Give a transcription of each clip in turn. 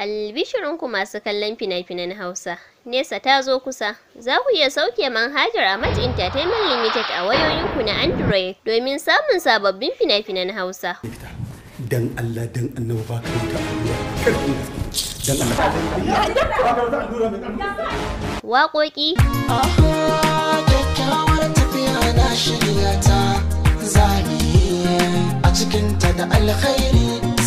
Albishirinku masu kallon fina-finan Hausa, Nesa ta zo kusa, za ku iya sauke manhajar Amat Entertainment Limited a wayoyinku na Android domin samun sababbin fina-finan Hausa. Dan Allah dan annabi ba ka Dan Allah. Waƙoƙi. cikinta da alkhairi.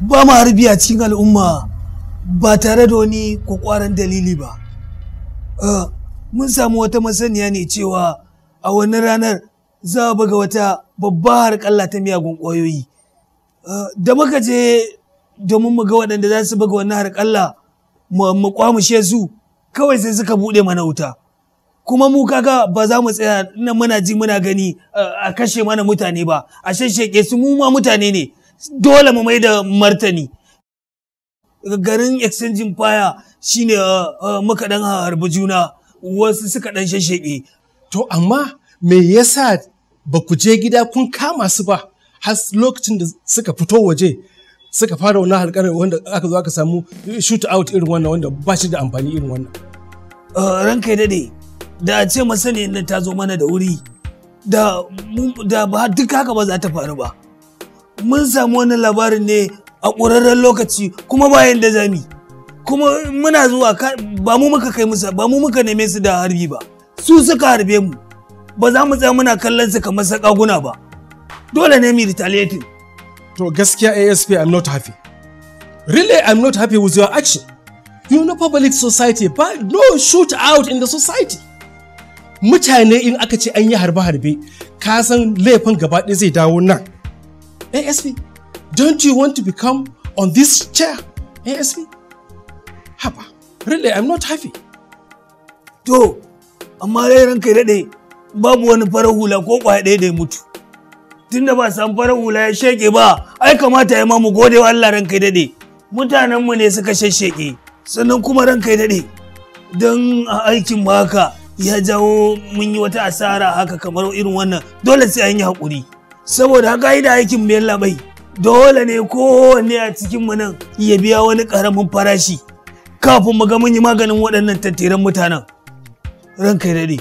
ba mu harbi a cikin al'umma ba tare da wani kwakwaran dalili ba ah, mun samu wata masaniya ne cewa a wani ranar za a buga wata babbar harkar ta miyagun ƙwayoyi ah, da muka je domin mu ga waɗanda za su buga wannan harƙalla mu kwamushe su kawai sai suka buɗe mana wuta kuma mu kaga ba za mu tsaya nan muna ji muna gani ah, a kashe mana mutane ba a shashshake su mu ma mutane ne dole mu mai da martani garin exchanging fire shine uh, muka dan harbi juna wasu suka dan shashege to amma me yasa ba ku je gida kun kama su ba har lokacin da suka fito waje suka fara wannan halkarar wanda aka zo aka samu shoot out irin wannan wanda ba shi da amfani irin wannan uh, ranka ne da a ce masani ta zo mana da wuri da ba duk haka ba za ta faru ba mun samu wani labarin ne a ƙurarren lokaci kuma bayan da zami kuma muna zuwa ba mu muka kai musa ba mu muka neme su da harbi ba su suka harbe mu ba za mu tsaya muna kallon su kamar sakaguna ba dole ne mu retaliating to gaskiya asp i'm not happy really i'm not happy with your action you know public society but no shoot out in the society mutane in aka ce an yi harbe-harbe ka san laifin gaba ɗaya zai dawo nan ASP, don't you want to become on this chair, ASP? Haba, really, I'm not happy. To, amma rai ranka daɗe babu wani farar hula ko ƙwaya ɗaya da ya mutu. Tunda ba san farar hula ya sheke ba, ai kamata ya mu gode wa Allah ranka daɗe. Mutanenmu ne suka shashsheke, sannan kuma ranka daɗe. Don a aikin haka ya jawo mun yi wata asara haka kamar irin wannan dole sai an yi haƙuri. saboda haka yi da aikin mai labai dole ne kowanne a cikin mu nan ya biya wani karamin farashi kafin mu ga mun yi maganin waɗannan tattiran mutanen ranka ya dade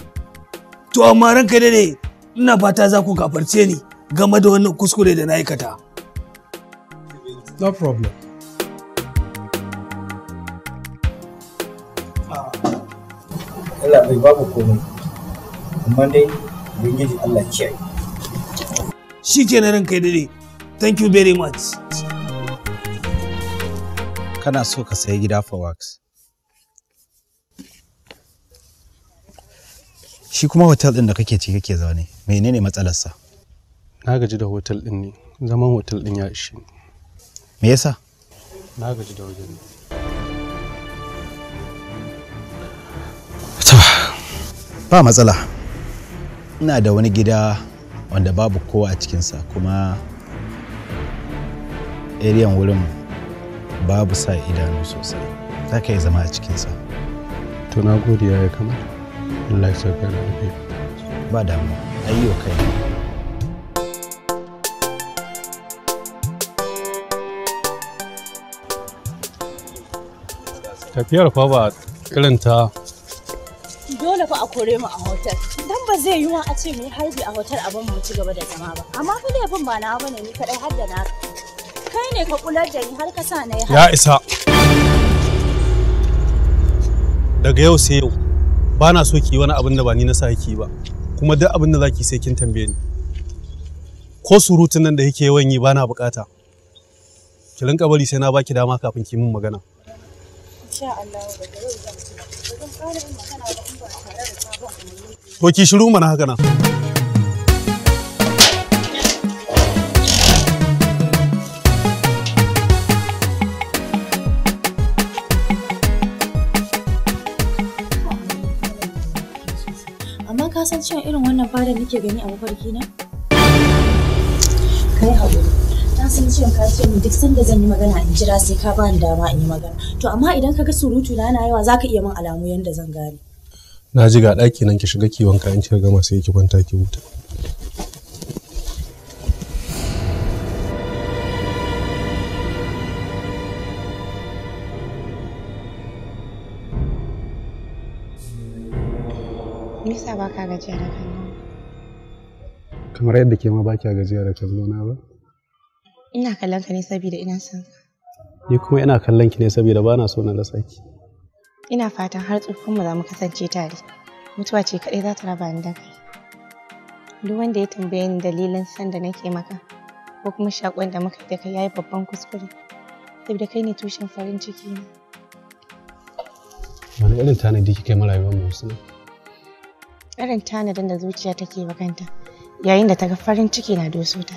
to amma ranka ya ne ina fata za ku gafarce ni game da wannan kuskure da na aikata no problem Allah bai babu komai amma dai ubangiji Allah kiyaye shi ke na ranka dade thank you very much kana so ka sayi gida for wax. shi kuma hotel din da kake ci kake zaune menene matsalarsa na gaji da hotel din ne zaman hotel din ya ishe me yasa na gaji da wajen ba matsala ina da wani gida wanda babu kowa a cikinsa kuma eriyan wurin babu sa idanu sosai za ka zama a cikinsa to na gode ya kama Allah ya sauka da rufe ba damu ayyo kai tafiyar fa ba irin dole fa a kore mu a hotel dan ba zai wa a ce mu yi harbi a hotel abin mu ci gaba da zama ba amma fa laifin ba na ne ni kadai har da na kai ne ka kula da ni har ka sa na ya isa daga yau sai yau ba na so ki wani abin da ba ni na sa ki ba kuma duk abin da zaki sai kin tambaye ni ko surutun nan da yake yawan yi ba na bukata ki rinka bari sai na baki dama kafin ki min magana insha Allah daga yau zan ci To ki shiru mana haka nan. Amma ka san cewa irin wannan fara nake gani a mafarki na? Kai haƙuri. san cewa ka ce duk sanda zan yi magana in jira sai ka bani dama in yi magana to amma idan ka ga surutu na na yawa za ka iya min alamu yanda zan gane na ji ga ɗaki nan ki shiga ki wanka in ki gama sai ki kwanta ki huta nisa ba ka gajiya da Kamar yadda ke ma ba kya gajiya da kallo na ba? Ina kallon ka ne saboda ina son ka. Ni kuma ina kallon ki ne saboda bana so na rasa ki. Ina fatan har tsofinmu za mu kasance tare. Mutuwa ce kaɗai za ta raba ni da kai. Duk wanda ya tambaye ni dalilin san da nake maka ko kuma shakon da muka yi da kai yayi babban kuskure. Saboda kai ne tushen farin ciki ne. Wani irin tanadi kika yi rayuwar mu sun. Irin tanadin da zuciya take maganta, yayin da ta ga farin ciki na doso ta.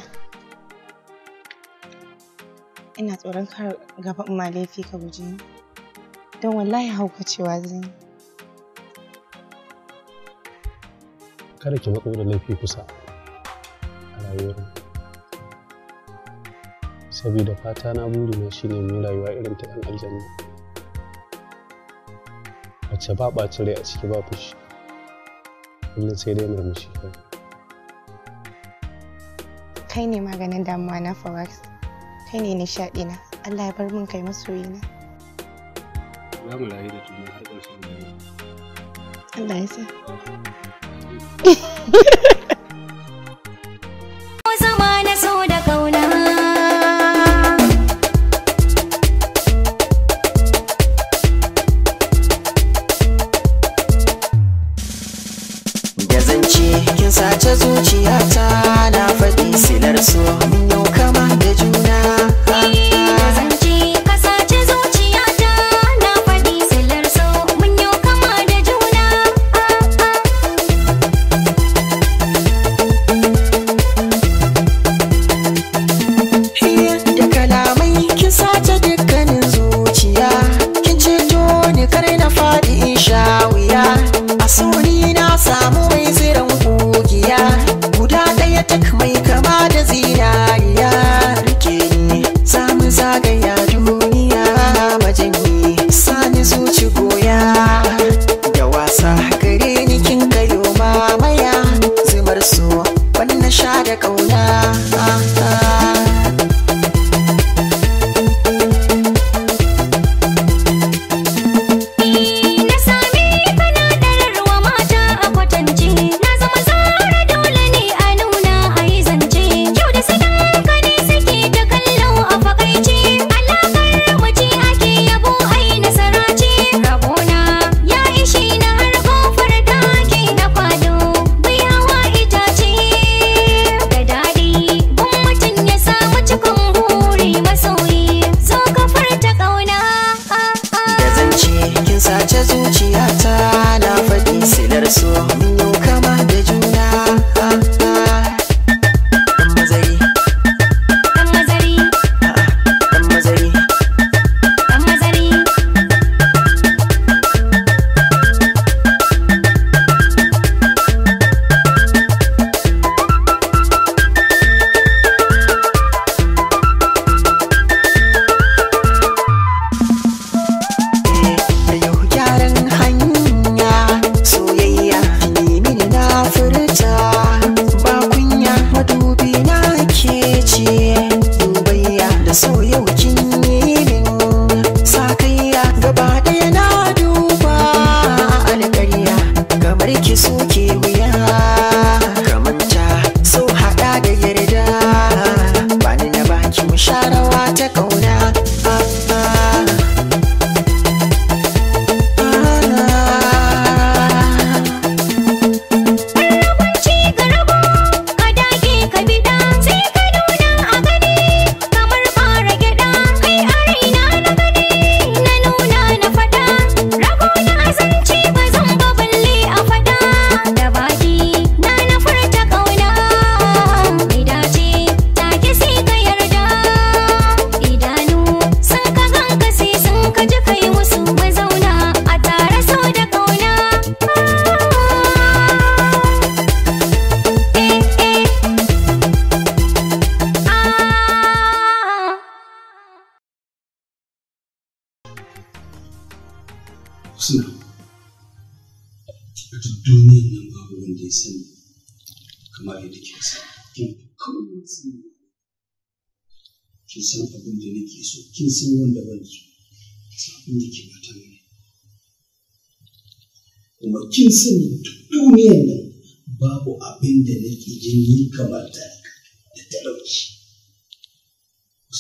ina tsoron kar gaba in ma laifi ka guje ni don wallahi haukacewa zan yi kada ki matso da laifi kusa a rayuwar saboda fata na buri na shine mai rayuwa irin ta ɗan aljanna wacce ba ɓaci rai a ciki ba fushi kullum sai dai murmushi kai kai ne maganin damuwa na fawaki kai ne nishaɗi na Allah ya bar min kai masoyi na za mu rayu da juna har ƙarshen rayuwa Allah ya sa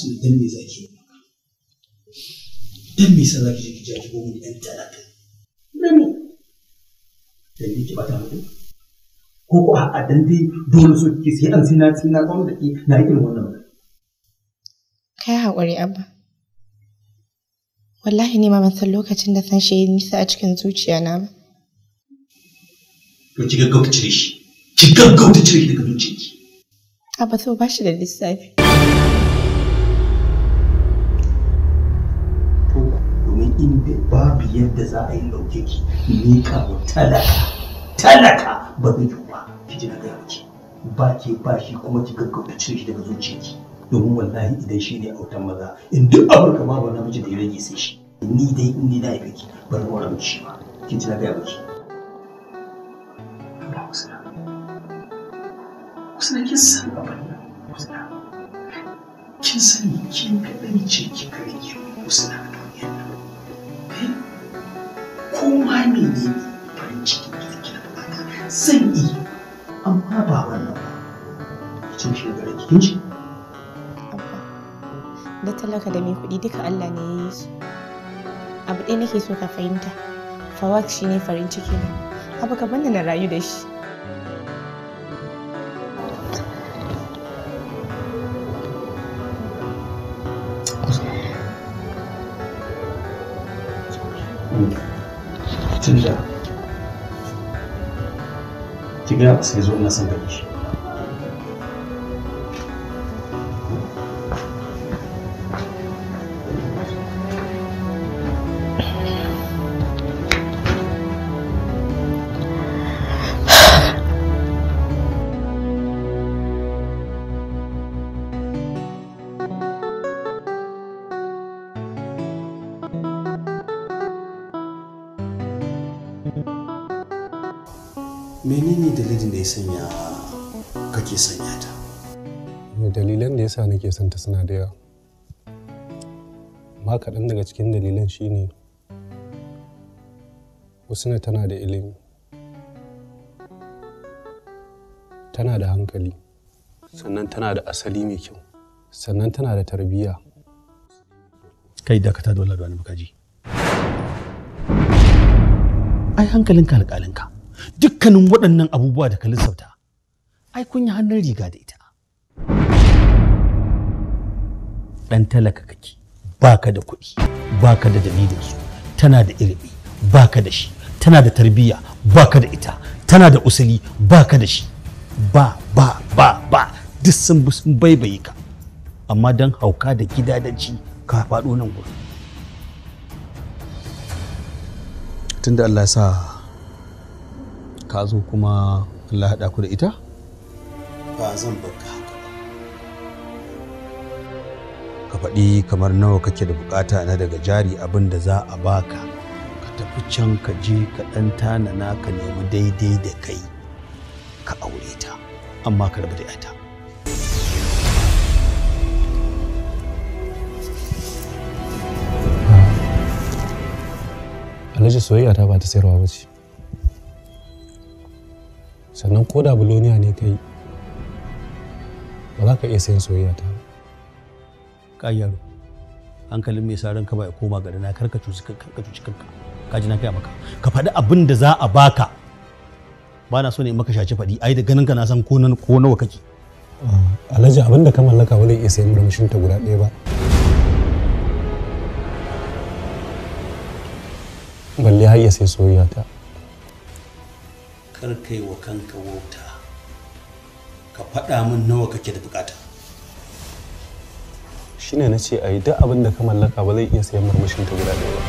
sannan dan me zaki yi maka dan me sai zaki je ki jaji gobe ɗan talaka memo dan me ki bata mutum ko ko a dan dai dole so ki sai an sina sina sai na kwamma da ki na irin wannan kai hakuri abba wallahi ne ma ban san lokacin da san shi ya nisa a cikin zuciya na ba. To ki gaggauta cire shi, ki gaggauta cire shi daga zuciyarki. Abba ba so ba shi da lissafi. Inda babu yadda za a yi ɗauke ki miƙa wa talaka talaka ba zai yi ba ki ji na gaya miki ba ke ba shi kuma ki gaggauta cire shi daga ki. domin wallahi idan shi ne autan maza in duk amurka babu namiji da ya rage sai shi ni dai in ni na yi ki bar wara miki shi ba ki ji na gaya miki kusa kin san abin nan kusa kin sani kin kaɗai ce kika rage kusa koma ne ne farin ciki da kike bukata zan yi amma ba wannan ba ki ce shi gare ki ji da talaka da mai kuɗi duka Allah ne ya yi su abu ɗaya nake so ka fahimta fawak shi ne farin ciki ne abu ka banda na rayu da shi Thank you. tun da sai zo na san yasa nake son ta suna da yawa amma kaɗan daga cikin dalilan shine ne tana da ilimi tana da hankali sannan tana da asali mai kyau sannan tana da tarbiyya kai dakata dole da wani bukaji ai hankalinka alƙalinka dukkanin waɗannan abubuwa da ka lissauta, ai kun yi hannun riga da ita ɗan talaka kake baka da kuɗi baka da dalilinsu tana da ilimi baka da shi tana da tarbiyya baka da ita tana da usuli baka da shi ba ba ba ba duk sun sun baibaye ka amma don hauka da gidadanci ka faɗo nan gurin tunda Allah sa ka zo kuma Allah haɗa ku da ita ba zan baka faɗi kamar nawa kake da bukata na daga jari abin da za a baka ka tafi can ka je ka ɗan tanana ka nemi daidai da kai ka aure ta amma ka rabu da ita alhaji soyayya ta ba ta sayarwa ba ce sannan ko da buloniya ne kai ba za ka iya sayan soyayya ta ƙayyaro hankalin mai sarin ka ba ya koma gari na karka cuci kanka cuci kanka ka ji na kai maka ka faɗi abin da za a baka ba na so ne maka shaci faɗi ai da ganin ka na san ko ko nawa kake ah, alhaji abin da ka mallaka wani ya iya sayan murmushin ta guda ɗaya ba balle har ya sai soyayya ta kar kai wa kanka wauta ka faɗa min nawa kake da bukata shine na ce a yi duk abin da ka mallaka ba zai iya sayan murmushin ta guda ɗaya ba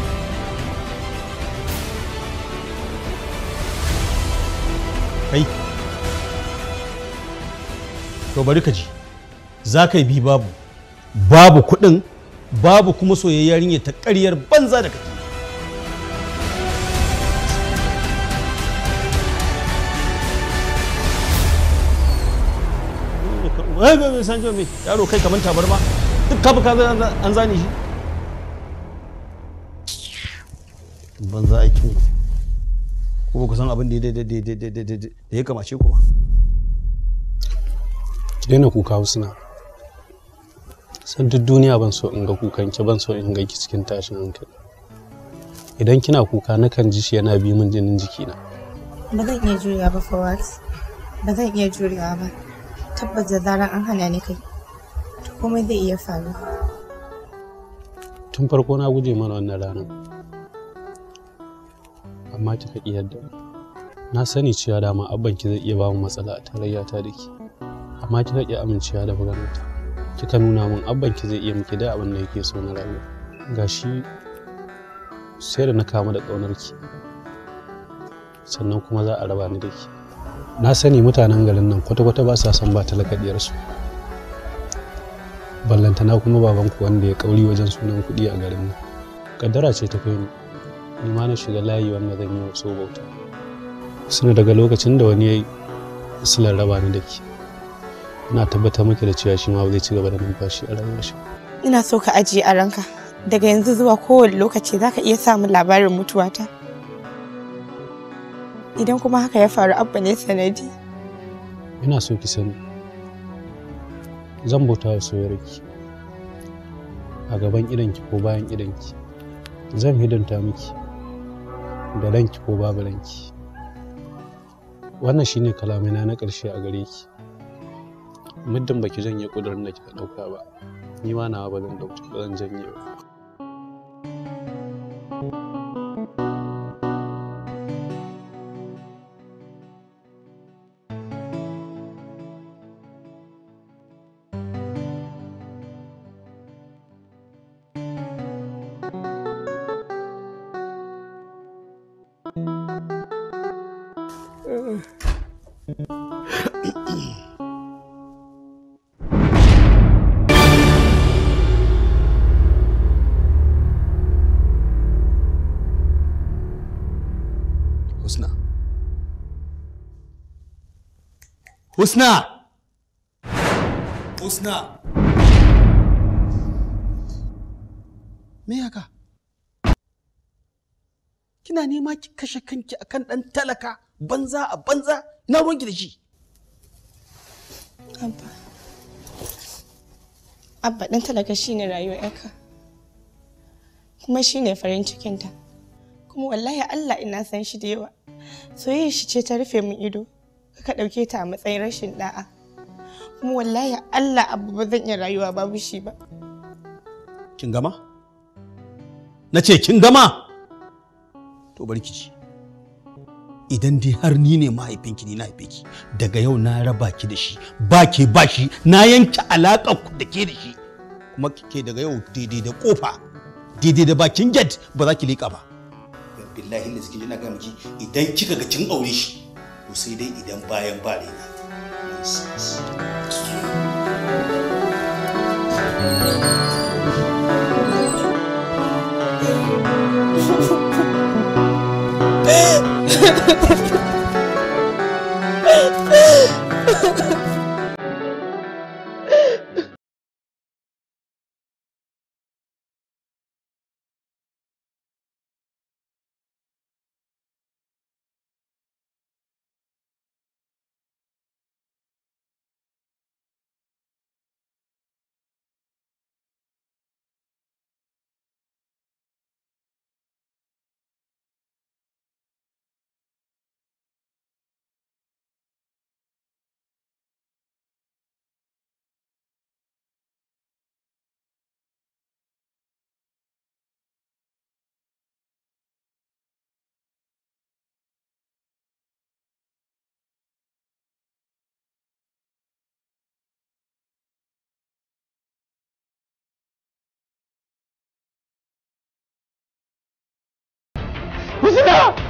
kai to bari ka ji za ka yi bi babu babu kuɗin babu kuma soyayyar yarinya ta ƙaryar banza da kake wai bai san yaro kai kamar tabarma duk kafa ka an zane shi ban a aikin ku ko ku san abin da ya kamace ku ba ki daina kuka husna san duk duniya ban so in ga kukan ki ban so in ga ki cikin tashin hankali idan kina kuka na kan ji shi yana bi min jinin jikina ba zan iya juriya ba fawaz ba zan iya juriya ba tabbas da zarar an hana ni kai komai zai iya faru tun farko na guje mana wannan ranar amma kika ƙi yadda na sani cewa dama abban zai iya ba mu matsala a tarayyata da ke amma kika ƙi amincewa da maganar ta kika nuna min abban zai iya miki da abin da yake so na rayuwa gashi sai da na kama da ƙaunarki. sannan kuma za a raba ni da ki na sani mutanen garin nan kwata-kwata ba sa son ba talaka diyarsu ballantana kuma babanku wanda ya kauri wajen sunan kuɗi a garin mu kaddara ce ta kai ni ma na shiga layi wanda zan yi wa so bauta suna daga lokacin da wani ya yi silar raba ni da ke ina tabbata maki da cewa shi ma zai ci gaba da numfashi a rayuwar shi ina so ka ajiye a ranka daga yanzu zuwa kowane lokaci zaka iya samun labarin mutuwata idan kuma haka ya faru abba ne sanadi ina so ki sani zan bauta wa soyayyarki a gaban idanki ko bayan idanki zan hidanta miki da ranki ko babu ranki wannan shine kalamina na na ƙarshe a gare ki muddin baki janye ƙudurin da kika ɗauka ba ni ma nawa ba zan janye ba usna husna me haka kina nema ki kashe kanki akan dan talaka banza a banza na ruwanki da shi abba abba dan talaka shine rayuwar yaka kuma shine farin cikinta kuma wallahi Allah ina san shi da yawa soyayya shi ce ta rufe min ido ka ɗauke ta a matsayin rashin ɗa'a kuma wallahi Allah abu ba zan iya rayuwa babu shi ba kin gama na ce kin gama to bari ki idan dai har ni ne mahaifinki ni na haife ki daga yau na raba ki da shi ba ke ba shi na yanke alaƙa da ke da shi kuma ke daga yau daidai da kofa daidai da bakin gate ba za ki liƙa ba billahi da suke na ga miki idan kika ga kin aure shi to sai dai idan bayan ba raina Ha ha ha! 是的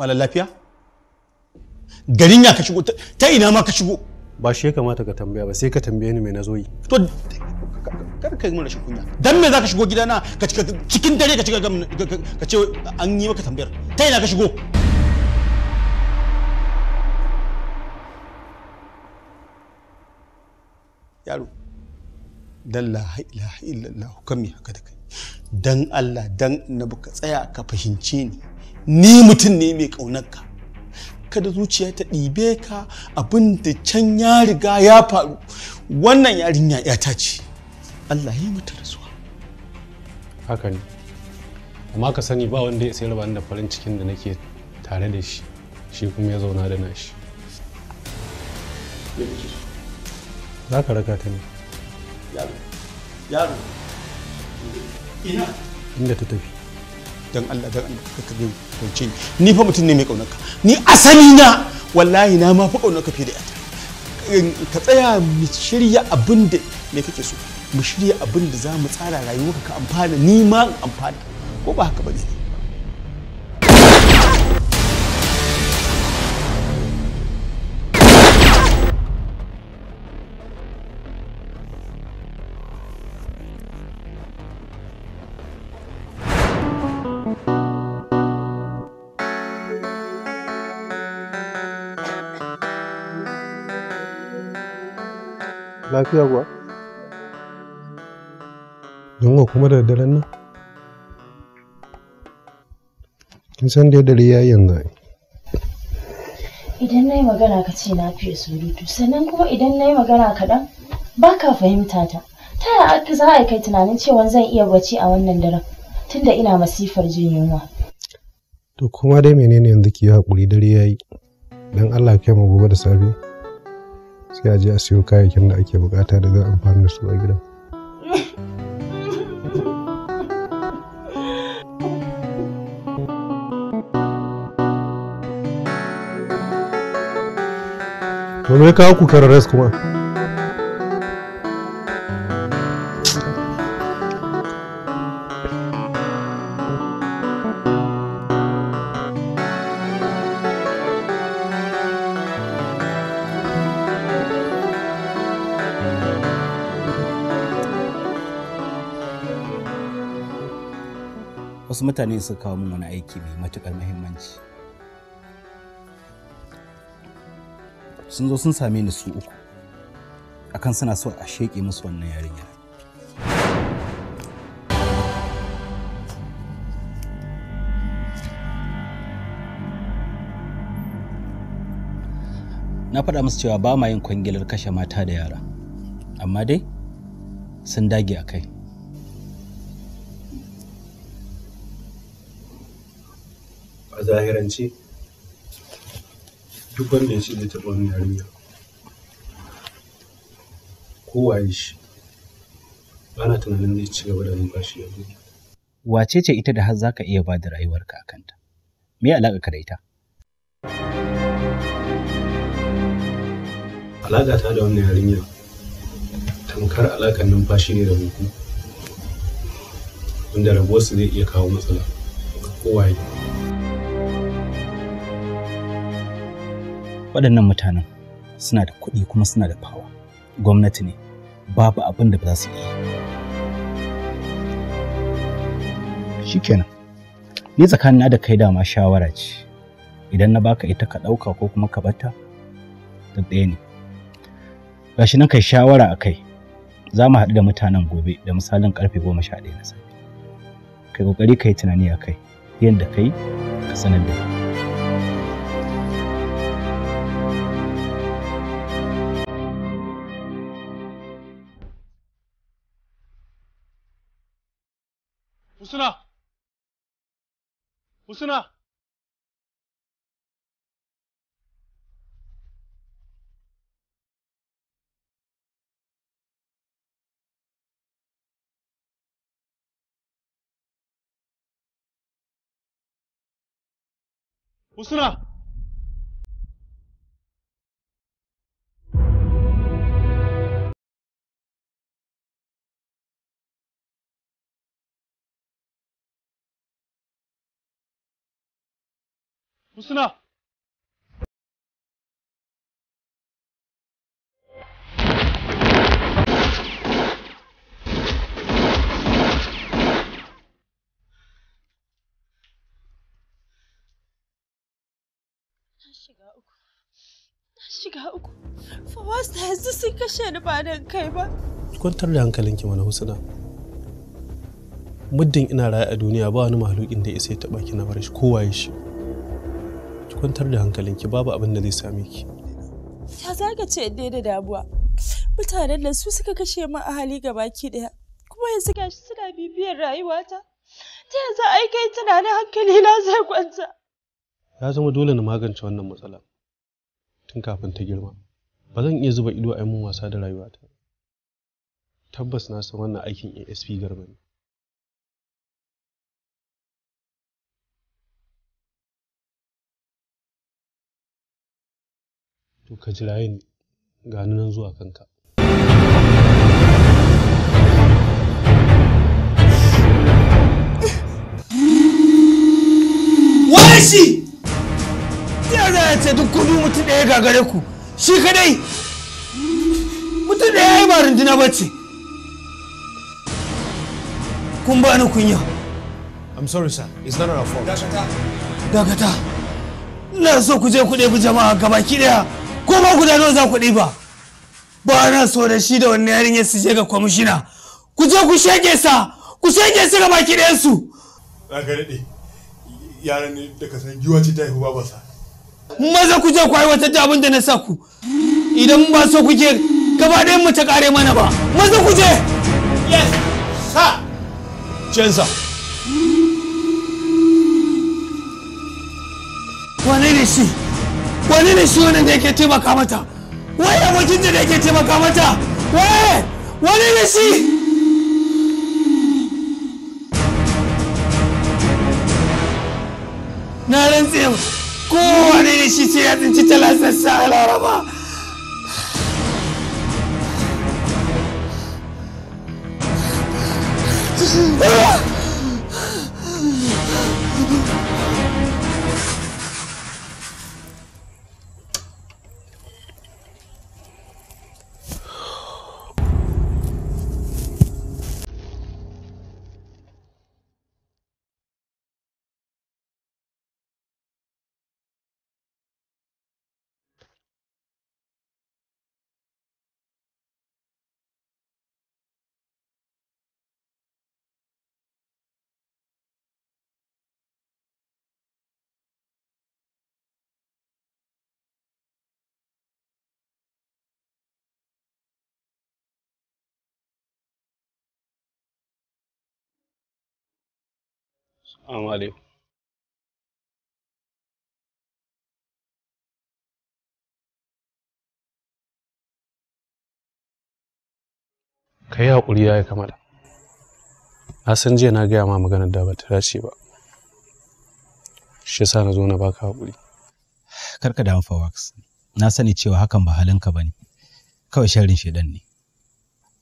mala lafiya garin ya ka shigo ta ina ma ka shigo ba shi ya kamata ka tambaya ba sai ka tambaye ni mai na yi to kar ka yi mana rashin kunya dan me zaka shigo gidana ka cikin dare ka cika ka ce an yi maka tambayar ta ina ka shigo yaro dan la ilaha illallah kan haka da kai dan Allah dan annabi ka tsaya ka fahimce ni ni mutum ne mai ƙaunarka kada zuciya ta ɗibe ka abin da can ya riga ya faru wannan yarinya ta ce Allah ya mata rasuwa haka ne amma ka sani ba wanda ya sayar bani da farin cikin da nake tare da shi shi kuma ya zauna da nashi za ka raka ta ne yaro yaro ina inda ta tafi dan Allah dan Allah ka kabe kwance ni ni fa mutum ne mai kaunarka ni asali na wallahi na ma fa kaunarka fiye da ka tsaya mu shirya abin da me kake so mu shirya abin da za mu tsara rayuwarka ka amfana ni ma amfana ko ba haka ba ne Lafiya kuwa? Yunwa kuma da daren nan? Kin san da dare ya yanzu. Idan na yi magana ka ce na fiye surutu, sannan kuma idan na yi magana kaɗan ba ka fahimta ta. Ta aka za a kai tunanin cewa zan iya bacci a wannan daren tunda ina masifar jin yunwa. To kuma dai menene yanzu ki haƙuri dare ya yi, don Allah kai mu gobe da safe. sai a je a siyo kayayyakin da ake bukata da za a amfani da su a gidan Wani ya kawo ku kuma wasu mutane su kawo min wani aiki mai matukar muhimmanci sun zo sun same ni su uku akan suna so a sheƙe musu wannan yarinya na faɗa musu cewa ba ma yin kwangilar kashe mata da yara amma dai sun dage a kai zahirance duk wanda ya ce zai taɓa wannan yarinya ko waye shi ba na tunanin zai ci gaba da numfashi yanzu wace ce ita da har za ka iya ba da rayuwarka a kanta me ya alaƙa ka da ita alaƙa ta da wannan yarinya tamkar alaƙar numfashi ne da huku wanda rabuwarsu zai iya kawo matsala ko waye waɗannan mutanen suna da kuɗi kuma suna da fawa gwamnati ne babu abin da ba za su yi shikenan ni tsakanina da kai dama shawara ce idan na baka ita ka ɗauka ko kuma ka bata ta ɗaya ne gashi nan kai shawara a kai za mu haɗu da mutanen gobe da misalin karfe goma sha ɗaya na safe kai ƙoƙari ka yi tunani a kai yadda kai ka sanar da 不是娜，不是娜。Husna! shiga uku. yanzu sun kashe ni ba nan kai ba. Kwantar da hankalinki mana Husna. Muddin ina raye a duniya ba wani mahalukin da ya sai ya ki na bar shi ya shi. kwantar da hankalinki babu abin da zai same ki ta zaka ce dai da damuwa mutanen da su suka kashe mu a hali baki daya kuma yanzu shi suna bibiyar rayuwata ta yanzu ai kai tunanin hankali na zai kwanta ya zama dole na magance wannan matsala tun kafin ta girma ba zan iya zuba ido a mun wasa da rayuwata tabbas na san wannan aikin asp garba ne to ka ji ni ga nan zuwa kanka waye shi ya za a ce duk kudu mutum ɗaya gagare ku shi kadai mutum ɗaya ya ba runduna bace kun ba ni kunya I'm sorry sir it's not our fault dakata dakata ina so ku je ku ɗebi jama'a gabaki ɗaya ko ba ku nawa za ku ɗiba ba na so da shi da wannan yarinyar su je ga kwamishina ku je ku shege sa ku shege su ga baki ɗayan su ka daɗe yaran ne da ka san giwa ce ta haihu ba sa maza ku je ku aiwatar da abin da na sa ku idan ba so kuke gaba ɗayan mu ta ƙare mana ba maza ku je yes sa jensa wane ne shi wani ne shi wannan da yake taimaka mata ya abokin da yake taimaka mata wani ne shi na rantse kowane ne shi ce ya tsinci talasarsa a laraba Ah! Assalamu alaikum. Ka haƙuri ya yi kamata. Na san jiya na gaya ma maganar da ba ta dace ba. Shi sa na zo na baka haƙuri. Karka damu fa wax. Na sani cewa hakan ba halinka ba ne. Kawai sharrin shaidan ne.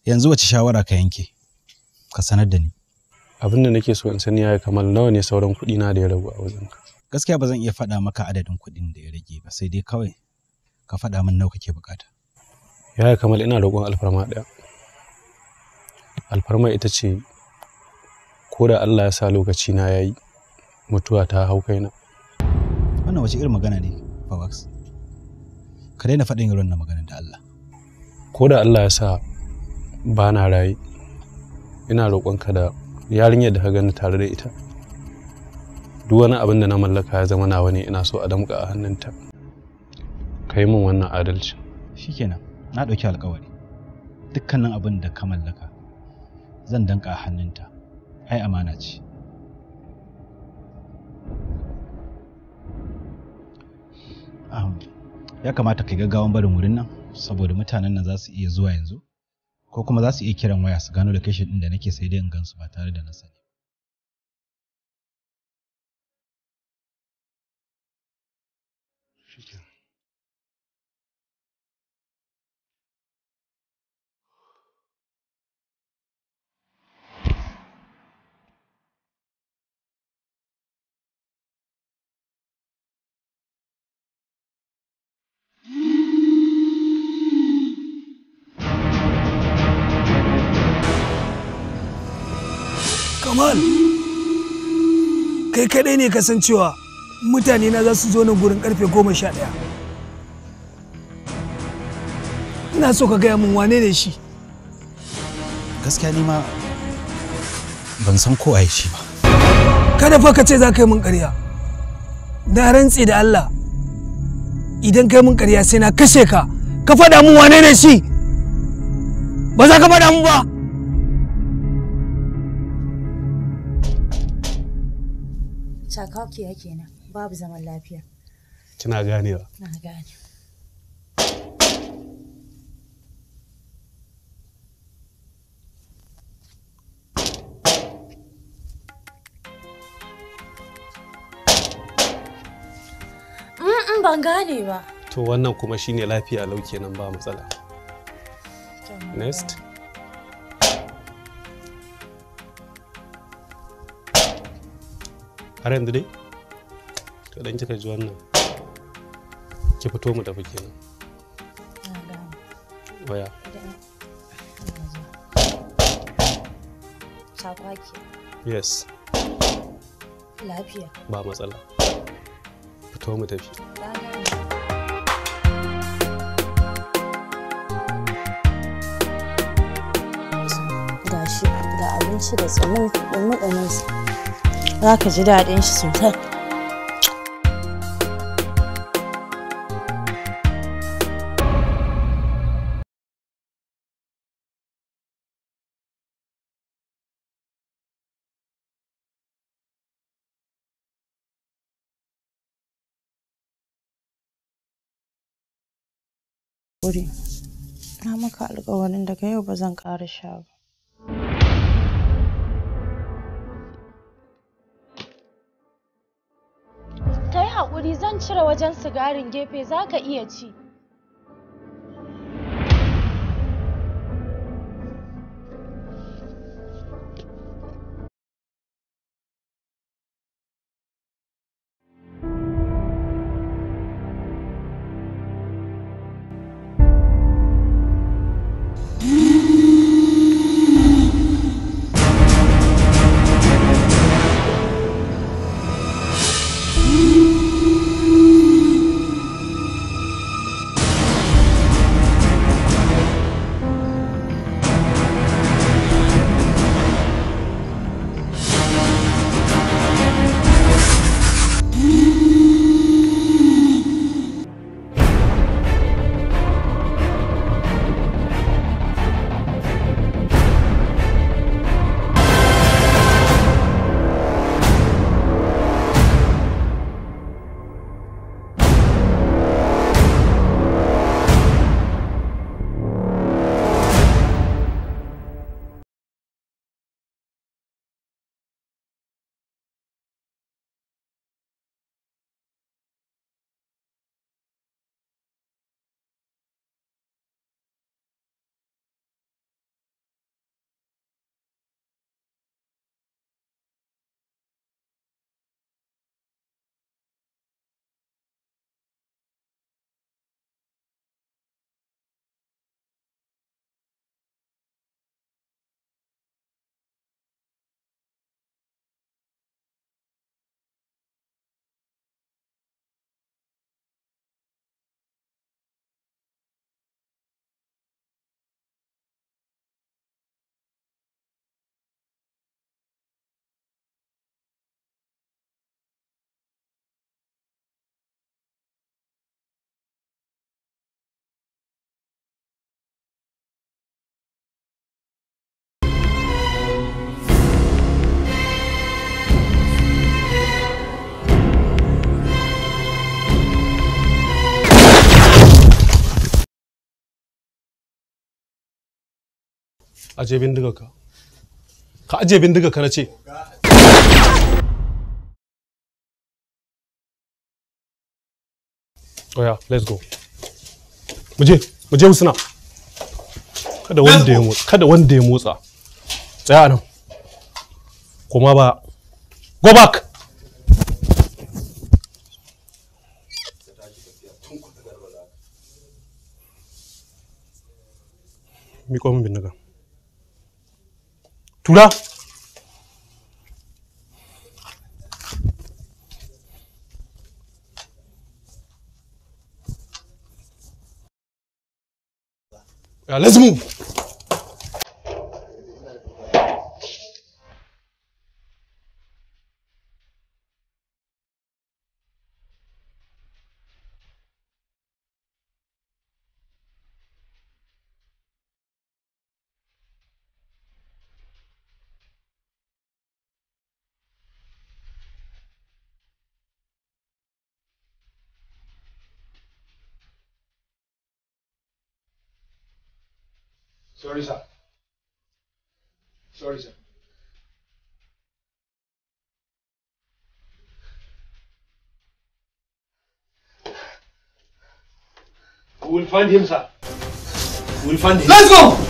Yanzu wace shawara ka yanke? Ka sanar da ni. abin da nake so in sani ya kamar nawa ne sauran kuɗi na da ya ragu a wajen ka gaskiya ba zan iya faɗa maka adadin kuɗin da ya rage ba sai dai kawai ka faɗa min nawa kake bukata ya kamar ina roƙon alfarma ɗaya alfarma ita ce ko da Allah ya sa lokaci na yayi mutuwa ta hau kaina wannan wace irin magana ne fawax ka daina faɗin irin wannan magana da Allah ko da Allah ya sa ba na raye ina roƙonka da yarinyar da ka gani tare da ita duk wani abin da na mallaka ya zama na ne ina so a damƙa a hannunta ka yi min wannan adalci shikenan na ɗauki alkawari dukkanin abin da ka mallaka zan danƙa a hannunta ai amana ce ya kamata ka yi gaggawan barin wurin nan saboda mutanen nan za su iya zuwa yanzu ko kuma za su iya kiran waya su gano location ɗin da nake sai dai in gansu ba tare da na sani Jamal kai kaɗai ne kasancewa mutane na za su zo nan gurin karfe goma sha ɗaya. Ina so ka gaya min wane ne shi. Gaskiya ni ma ban san ko a shi ba. Kada fa ka ce za ka yi min ƙarya. Na rantse da Allah idan kai mun ƙarya sai na kashe ka ka faɗa mun wane ne shi ba za ka faɗa mun ba Shakakiya kenan babu zaman lafiya. Kina ganewa? Na gane. ban gane ba. To wannan kuma shine lafiya lauke nan ba matsala. Next. har yanzu dai to dan kika ji wannan ki fito mu tafi kenan waya yes lafiya ba matsala fito mu tafi shi da abinci da tsanin da su. za ka ji daɗin shi sosai na maka alkawarin daga yau ba zan ƙara sha ba zan cire wajen sigarin gefe za ka iya ci aje bindiga ka ka aje bindiga ka na ce oh yeah let's go muje muje usna kada wanda ya motsa kada wanda ya motsa tsaya nan kuma ba go back mi komin bindiga let's move. find him, sir. We'll find him. Let's go!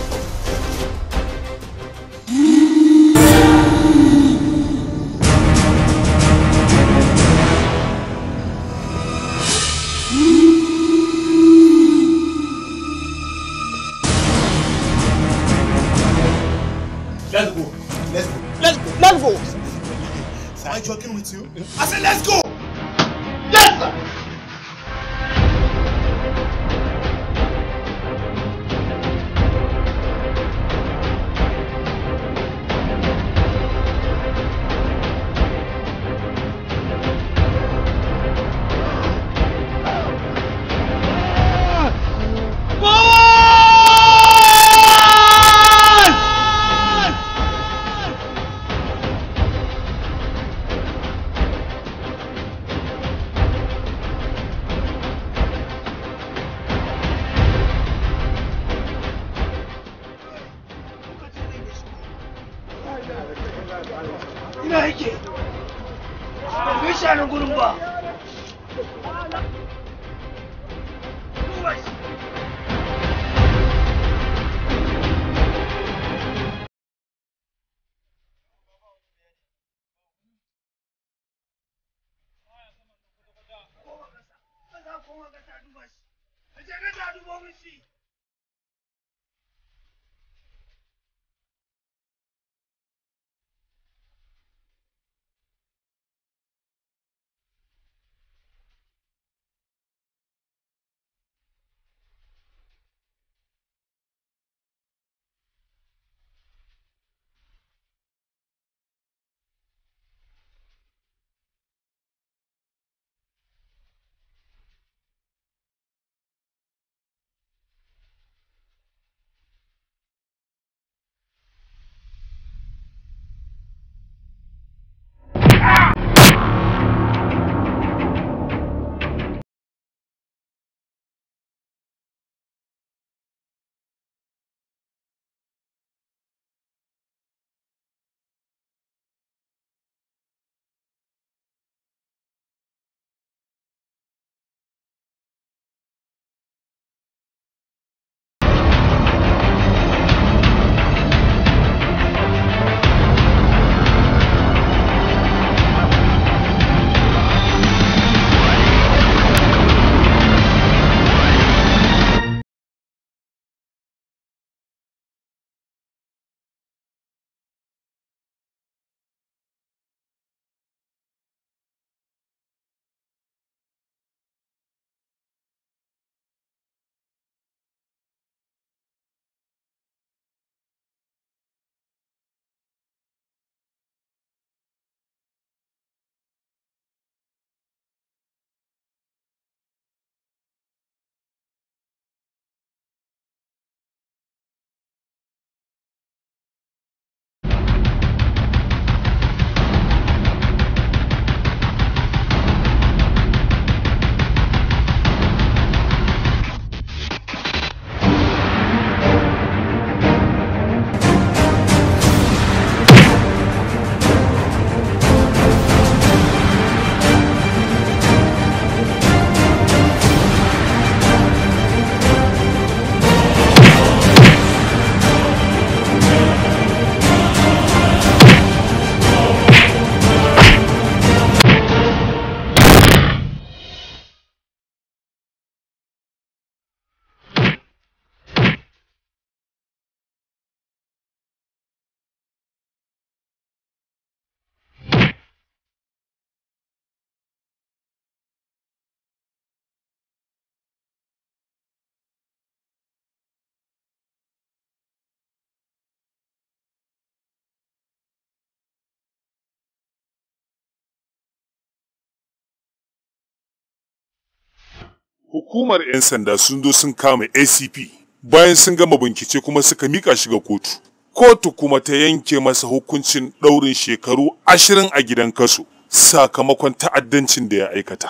hukumar 'yan sanda sun zo sun kama acp bayan sun gama bincike kuma suka mika shi ga kotu kotu kuma ta yanke masa hukuncin ɗaurin shekaru ashirin a gidan kaso sakamakon ta'addancin da ya aikata.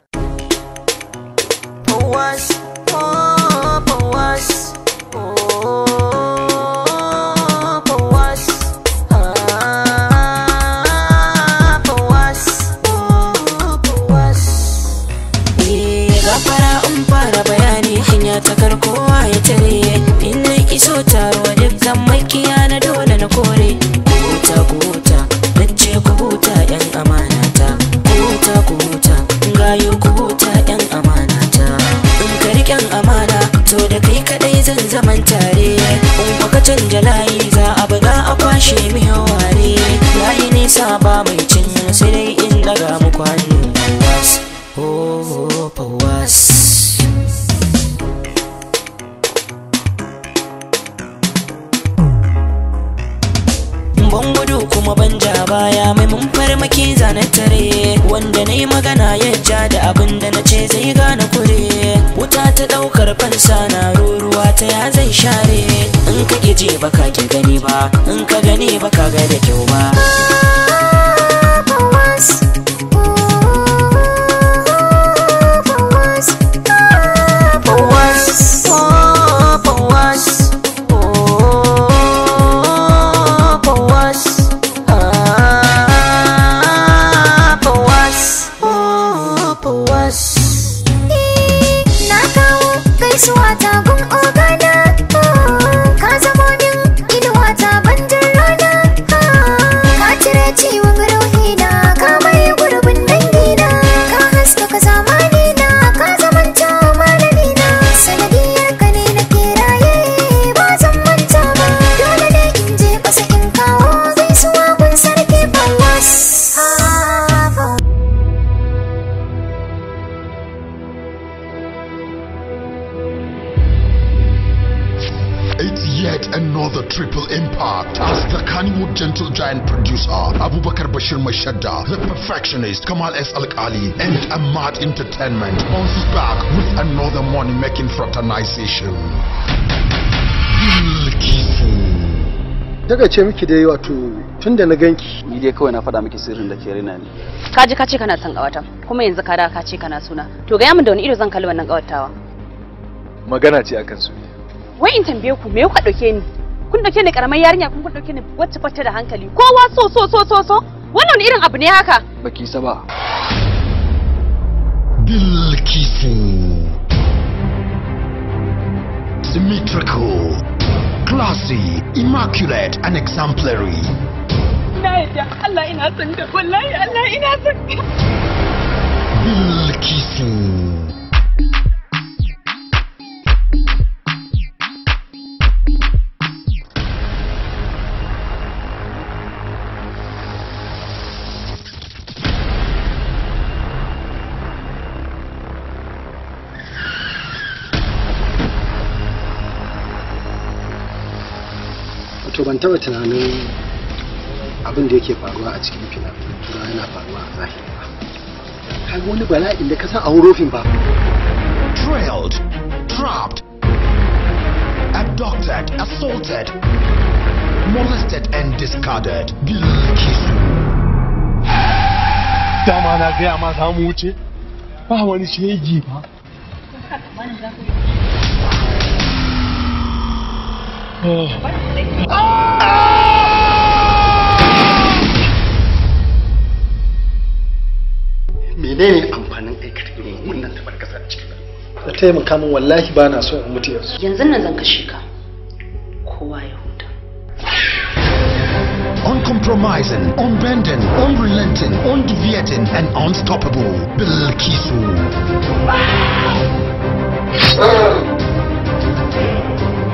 yet another triple impact as the Kannywood Gentle Giant producer Abubakar Bashir Mashadda, the perfectionist Kamal S. Al Ali, and Ahmad Entertainment bounces back with another money making fraternization. daga ce miki dai wato tun da na ganki ni dai kawai na faɗa miki sirrin da ke rina ni ka ji ka ce kana son ƙawata kuma yanzu ka da ka ce kana suna to ga yamin da wani ido zan kalli wannan ƙawatawa magana ce akan soyayya wai in tambaye ku me kuka dauke ni kun dauke ni karamar yarinya kun kun dauke ni wacce fata da hankali kowa so so so so so wannan irin abu ne haka baki saba Bilkisu Symmetrical Classy Immaculate and Exemplary Na yadda Allah ina son da wallahi Allah ina son ka Bilkisu ban taɓa tunanin abin da yake faruwa a cikin fina tura yana faruwa a zahiri ba kai wani bala'in da ka san a wurofin ba trailed trapped abducted assaulted molested and discarded gilkisu dama na gaya ma za wuce ba wani shege ba menene amfanin aikata irin wannan tabar kasa a cikin da taimaka min wallahi ba na so in mutu yanzu yanzu nan zan kashe ka kowa ya huta uncompromising unbending unrelenting undeviating and unstoppable bilkisu ah!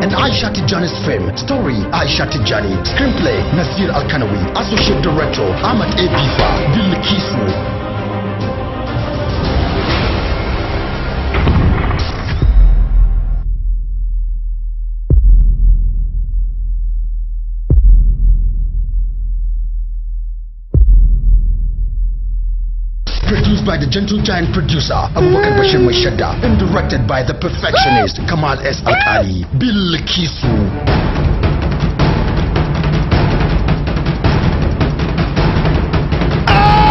and Aisha Tijani's film. Story Aisha Tijani. Screenplay Nasir Al Kanawi. Associate Director Ahmad A. Bifa. Bilkisu by the gentle giant producer Abubakar Bashir Mashada and directed by the perfectionist Kamal S. Alkali, Bill Kisu. Ah!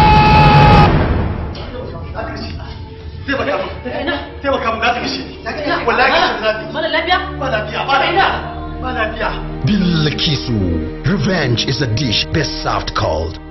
Bilkisu. Revenge is a dish best served cold.